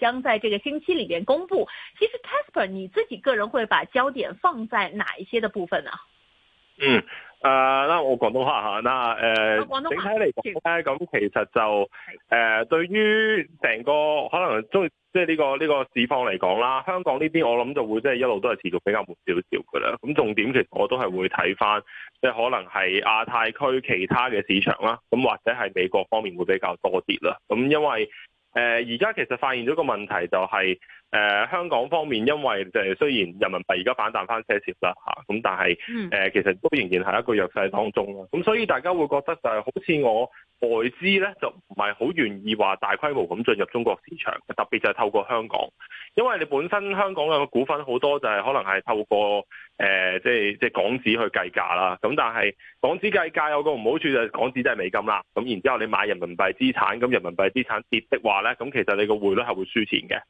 將在這個星期裏邊公布。其實 Casper 你自己個人會把焦點放在哪一些的部分呢？嗯，呃廣東呃、啊，我講到下吓，嗱，誒，整體嚟講咧，咁是其實就誒、呃，對於成個可能中意即係呢個呢，呢個市況嚟講啦，香港呢邊我諗就會即係一路都係持續比較慢少少噶啦。咁重點其實我都係會睇翻，即係可能係亞太區其他嘅市場啦，咁或者係美國方面會比較多啲啦。咁因為誒，而家其實發現咗個問題就係。誒、呃、香港方面，因為就係雖然人民幣而家反彈翻些少啦，咁但係、嗯呃、其實都仍然係一個弱勢當中啦。咁、啊、所以大家會覺得就係好似我外資咧，就唔係好願意話大規模咁進入中國市場，特別就係透過香港，因為你本身香港嘅股份好多就係可能係透過誒、呃、即係即係港紙去計價啦。咁、啊、但係港紙計價有個唔好處就係港紙都係美金啦。咁、啊、然之後你買人民幣資產，咁人民幣資產跌的話咧，咁其實你個匯率係會輸錢嘅。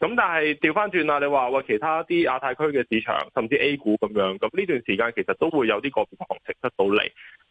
咁、啊咁但係調翻轉啦，你話喂，其他啲亞太區嘅市場，甚至 A 股咁樣，咁呢段時間其實都會有啲個別行情得到嚟。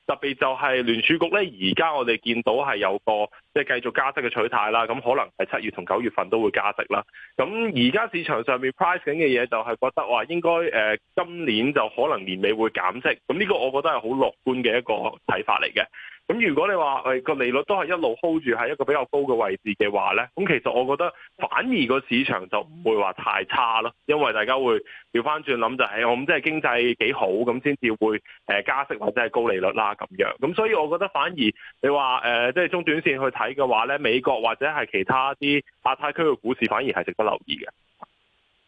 特別就係聯儲局咧，而家我哋見到係有個即係繼續加息嘅取態啦，咁可能係七月同九月份都會加息啦。咁而家市場上面 price 緊嘅嘢就係覺得話應該誒、呃、今年就可能年尾會減息。咁呢個我覺得係好樂觀嘅一個睇法嚟嘅。咁如果你話誒個利率都係一路 hold 住喺一個比較高嘅位置嘅話咧，咁其實我覺得反而個市場就唔會話太差咯，因為大家會調翻轉諗就係我咁即係經濟幾好咁先至會誒加息或者係高利率啦咁樣。咁所以我覺得反而你話誒即係中短線去睇嘅話咧，美國或者係其他啲亞太區嘅股市反而係值得留意嘅。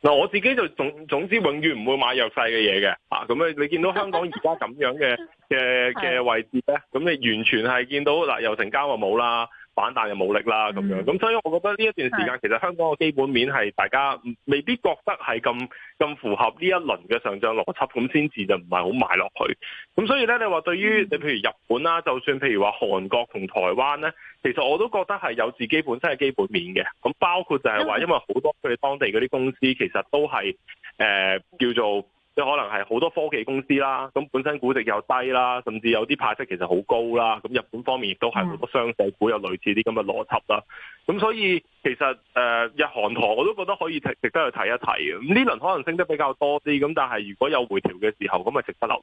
嗱，我自己就總總之永遠唔會買弱勢嘅嘢嘅，啊，咁咧你見到香港而家咁樣嘅嘅嘅位置咧，咁你完全係見到嗱，又成交就冇啦。反彈嘅武力啦，咁樣咁，嗯、所以我覺得呢一段時間的其實香港嘅基本面係大家未必覺得係咁咁符合呢一輪嘅上漲邏輯，咁先至就唔係好買落去。咁所以咧，你話對於、嗯、你譬如日本啦，就算譬如話韓國同台灣咧，其實我都覺得係有自己本身嘅基本面嘅。咁包括就係話，因為好多佢哋當地嗰啲公司其實都係誒、呃、叫做。即可能係好多科技公司啦，咁本身估值又低啦，甚至有啲派息其實好高啦，咁日本方面亦都係好多商社股，嗯、有類似啲咁嘅邏輯啦。咁所以其實誒、呃、日韓台我都覺得可以值值得去睇一睇嘅。咁呢輪可能升得比較多啲，咁但係如果有回調嘅時候，咁咪值得留。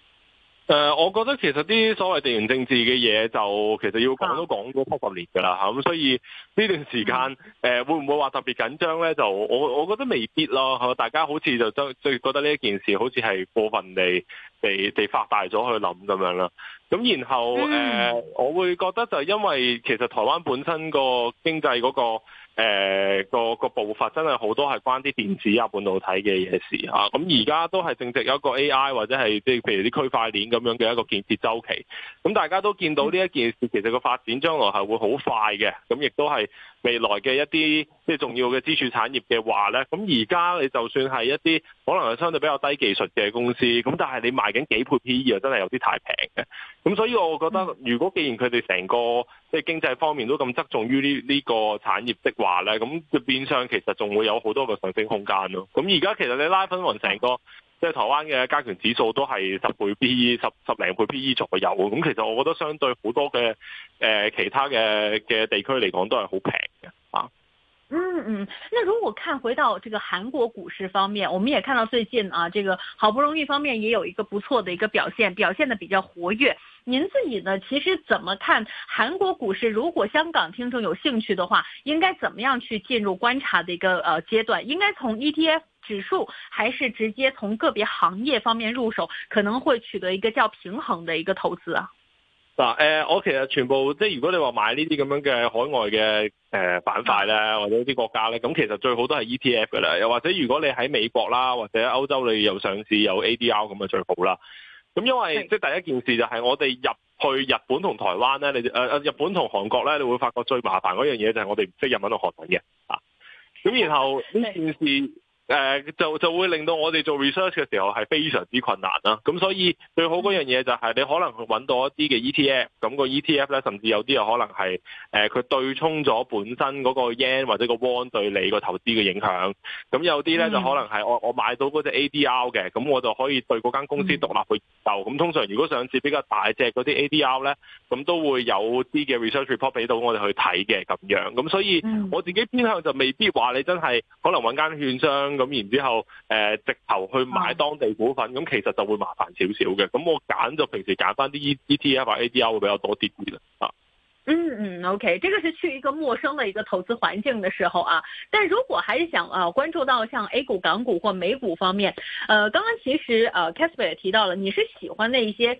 誒、呃，我覺得其實啲所謂地緣政治嘅嘢，就其實要講、啊、都講咗七十年噶啦，咁所以呢段時間誒、嗯呃，會唔會話特別緊張咧？就我我覺得未必咯，大家好似就都最覺得呢一件事，好似係過分地地地放大咗去諗咁樣啦。咁然後誒、嗯呃，我會覺得就因為其實台灣本身個經濟嗰、那個。誒、呃、個個步伐真係好多係關啲電子啊、半導體嘅嘢事嚇，咁而家都係正值有一個 AI 或者係即係譬如啲區塊鏈咁樣嘅一個建設週期，咁、啊、大家都見到呢一件事其實個發展將來係會好快嘅，咁、啊、亦都係。未來嘅一啲即係重要嘅支柱產業嘅話呢，咁而家你就算係一啲可能係相對比較低技術嘅公司，咁但係你賣緊幾倍 P E 又真係有啲太平嘅。咁所以我覺得，如果既然佢哋成個即係經濟方面都咁側重於呢呢個產業的話呢，咁就變相其實仲會有好多個上升空間咯。咁而家其實你拉分完成個。即係台灣嘅加權指數都係十倍 PE 十十零倍 PE 左右，咁其實我覺得相對好多嘅誒、呃、其他嘅嘅地區嚟講都係好平嘅啊。嗯嗯，那如果看回到這個韓國股市方面，我們也看到最近啊，這個好不容易方面也有一個不錯嘅一個表現，表現得比較活躍。您自己呢，其實怎麼看韓國股市？如果香港聽眾有興趣的話，應該怎麼樣去進入觀察嘅一個呃階段？應該從 ETF，指數還是直接從個別行業方面入手，可能會取得一個較平衡的一個投資啊。嗱、啊，誒、呃，我其實全部即係如果你話買呢啲咁樣嘅海外嘅誒板塊咧，或者呢啲國家咧，咁、嗯、其實最好都係 E T F 㗎啦。又或者如果你喺美國啦，或者歐洲你又上市有 A D R 咁啊，最好啦。咁、嗯、因為對即係第一件事就係我哋入去日本同台灣咧，你誒誒、呃、日本同韓國咧，你會發覺最麻煩嗰樣嘢就係我哋唔識日文同韓文嘅啊。咁、嗯、然後呢對件事。誒、呃、就就會令到我哋做 research 嘅時候係非常之困難啦、啊，咁所以最好嗰樣嘢就係你可能揾到一啲嘅 ETF，咁個 ETF 咧甚至有啲又可能係誒佢對沖咗本身嗰個 yen 或者個 won 對你個投資嘅影響，咁有啲咧就可能係、呃、我我買到嗰隻 ADR 嘅，咁我就可以對嗰間公司獨立去受，咁通常如果上市比較大隻嗰啲 ADR 咧，咁都會有啲嘅 research report 俾到我哋去睇嘅咁樣，咁所以我自己偏向就未必話你真係可能揾間券商。咁然之後，誒、呃、直頭去買當地股份，咁、啊、其實就會麻煩少少嘅。咁我揀就平時揀返啲 E T F 或 A D R 會比較多啲啲啦。啊，嗯嗯，OK，這個是去一個陌生嘅一個投資環境嘅時候啊。但如果還是想啊、呃、關注到像 A 股、港股或美股方面，呃，剛剛其實啊、呃，Casper 也提到了，你是喜歡那一些。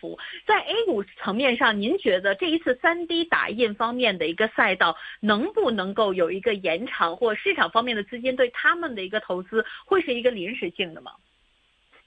在 A 股層面上，您覺得這一次 3D 打印方面的一個賽道，能不能夠有一個延長或市場方面的資金對他們的一個投資，會是一個臨時性的嗎？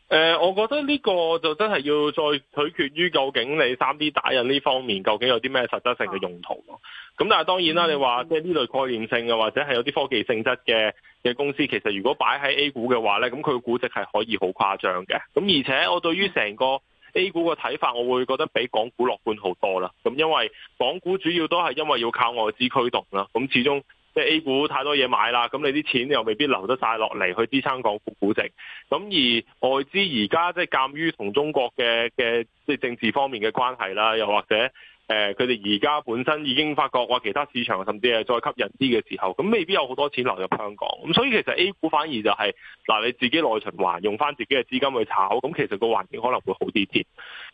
呃、我覺得呢個就真係要再取決於究竟你 3D 打印呢方面究竟有啲咩實質性嘅用途咁、啊、但係當然啦，你話即係呢類概念性嘅或者係有啲科技性質嘅嘅公司，其實如果擺喺 A 股嘅話呢，咁佢嘅估值係可以好誇張嘅。咁而且我對於成個，A 股嘅睇法，我會覺得比港股樂觀好多啦，咁因為港股主要都係因為要靠外資驅動啦，咁始終即係 A 股太多嘢買啦，咁你啲錢又未必留得晒落嚟去支撐港股股值，咁而外資而家即係鑒於同中國嘅嘅即係政治方面嘅關係啦，又或者。誒，佢哋而家本身已經發覺話其他市場甚至係再吸引啲嘅時候，咁未必有好多錢流入香港。咁所以其實 A 股反而就係、是、嗱你自己內循環，用翻自己嘅資金去炒，咁其實個環境可能會好啲啲。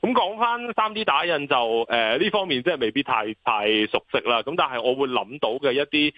咁講翻三 D 打印就誒呢、呃、方面，即係未必太太熟悉啦。咁但係我會諗到嘅一啲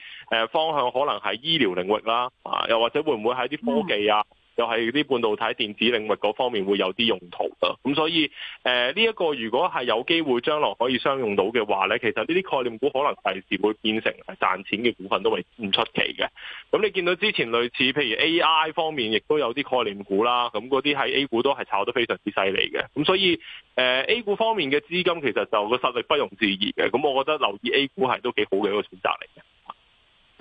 方向，可能係醫療領域啦，啊，又或者會唔會係啲科技啊？嗯又係啲半導體電子領域嗰方面會有啲用途㗎，咁所以誒呢一個如果係有機會將來可以商用到嘅話呢，其實呢啲概念股可能第時會變成係賺錢嘅股份都係唔出奇嘅。咁你見到之前類似譬如 AI 方面，亦都有啲概念股啦，咁嗰啲喺 A 股都係炒得非常之犀利嘅。咁所以誒、呃、A 股方面嘅資金其實就有個實力不容置疑嘅，咁我覺得留意 A 股係都幾好嘅一個選擇嚟嘅。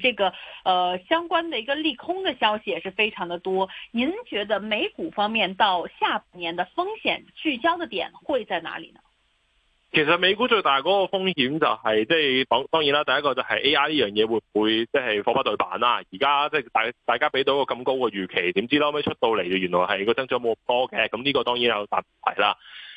這個，呃，相關的一個利空的消息也是非常的多。您覺得美股方面到下半年的風險聚焦的點會在哪裏呢？其實美股最大嗰個風險就係、是，即、就、係、是，當當然啦，第一個就係 A.I. 呢樣嘢會唔會即係貨不對版啦？而家即係大大家俾到一個咁高嘅預期，點知道後尾出到嚟就原來係個增長冇咁多嘅，咁呢個當然有大問題啦。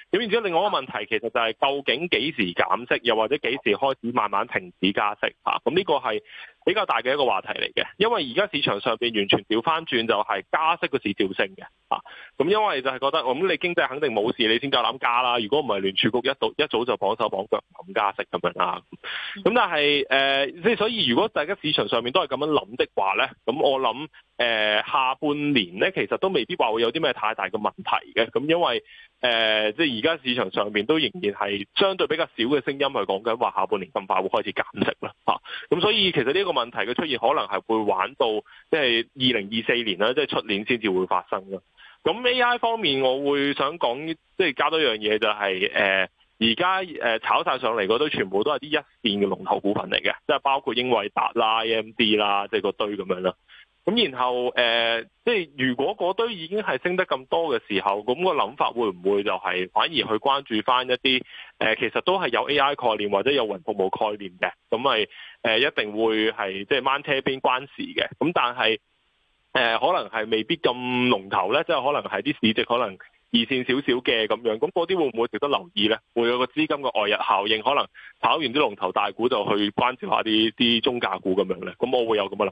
點樣？而且另外一個問題，其實就係、是、究竟幾時減息，又或者幾時開始慢慢停止加息啊？咁、嗯、呢、這個係。比較大嘅一個話題嚟嘅，因為而家市場上邊完全調翻轉就係加息嘅事，調升嘅啊。咁因為就係覺得，咁你經濟肯定冇事，你先夠膽加啦。如果唔係聯儲局一早一早就綁手綁腳咁加息咁樣啦。咁、啊、但係誒、即、呃、係所以如果大家市場上面都係咁樣諗的話咧，咁我諗誒、呃、下半年咧，其實都未必話會有啲咩太大嘅問題嘅。咁、啊、因為誒，即係而家市場上面都仍然係相對比較少嘅聲音去講緊話下半年咁快會開始減息啦。啊、咁、啊、所以其實呢、這個問題嘅出現可能係會玩到即係二零二四年啦，即係出年先至會發生啦。咁 AI 方面，我會想講即係加多樣嘢、就係，就係誒而家誒炒晒上嚟嗰堆全部都係啲一,一線嘅龍頭股份嚟嘅，即係包括英偉達啦、AMD 啦，即係個堆咁樣啦。咁然後誒，即、呃、係如果嗰堆已經係升得咁多嘅時候，咁，那個諗法會唔會就係反而去關注翻一啲誒、呃，其實都係有 A.I. 概念或者有雲服務概念嘅，咁係，呃、一定會係即係掹車邊關事嘅。咁但係誒，呃，可能係未必咁龍頭咧，即係可能係啲市值可能二線少少嘅咁樣。咁嗰啲會唔會值得留意咧？會有個資金嘅外溢效應，可能跑完啲龍頭大股就去關照下啲啲中價股咁樣咧。咁我會有咁嘅諗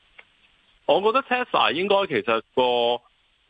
我覺得 Tesla 應該其實個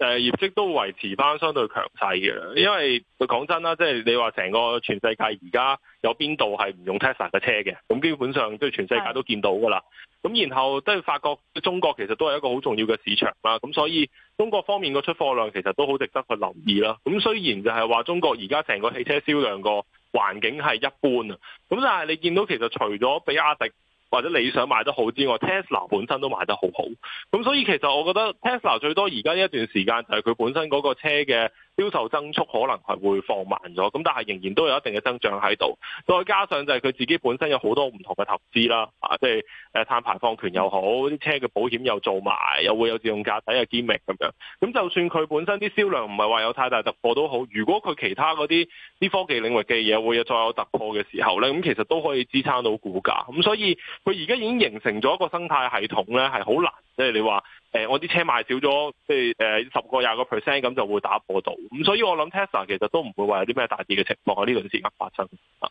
誒業績都維持翻相對強勢嘅，因為講真啦，即係你話成個全世界而家有邊度係唔用 Tesla 嘅車嘅？咁基本上即係全世界都見到㗎啦。咁是然後都發覺中國其實都係一個好重要嘅市場啦。咁所以中國方面個出貨量其實都好值得去留意啦。咁雖然就係話中國而家成個汽車銷量個環境係一般啊，咁但係你見到其實除咗比亞迪，或者你想賣得好之外，Tesla 本身都賣得好好，咁所以其實我覺得 Tesla 最多而家呢一段時間，就係佢本身嗰個車嘅。銷售增速可能係會放慢咗，咁但係仍然都有一定嘅增長喺度。再加上就係佢自己本身有好多唔同嘅投資啦，啊，即係碳排放權又好，啲車嘅保險又做埋，又會有自動駕駛啊、機明咁樣。咁就算佢本身啲銷量唔係話有太大突破都好，如果佢其他嗰啲啲科技領域嘅嘢會有再有突破嘅時候呢，咁其實都可以支撐到股價。咁所以佢而家已經形成咗一個生態系統呢，係好難，即係你話。誒、呃、我啲車賣少咗，即係誒，十個廿個 percent 咁就會打破到，咁所以我諗 Tesla 其實都唔會話有啲咩大跌嘅情況喺呢輪先發生。啊。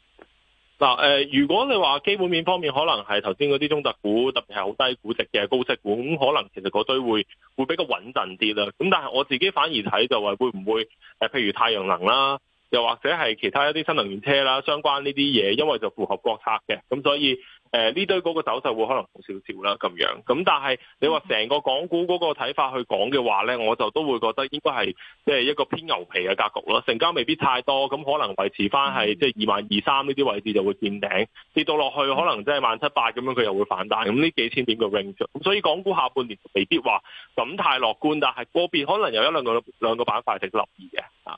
嗱誒如果你話基本面方面，可能係頭先嗰啲中特股，特別係好低估值嘅高息股，咁可能其實嗰堆會會比較穩陣啲啦。咁但係我自己反而睇就話，會唔會誒譬如太陽能啦，又或者係其他一啲新能源車啦，相關呢啲嘢，因為就符合國策嘅，咁所以。誒呢、呃、堆嗰個走勢會可能好少少啦咁樣，咁但係你話成個港股嗰個睇法去講嘅話呢，我就都會覺得應該係即係一個偏牛皮嘅格局咯，成交未必太多，咁可能維持翻係即係二萬二三呢啲位置就會見頂，跌到落去可能即係萬七八咁樣佢又會反彈，咁呢幾千點嘅 range，咁所以港股下半年未必話咁太樂觀，但係個別可能有一兩個兩個板塊值得留意嘅啊。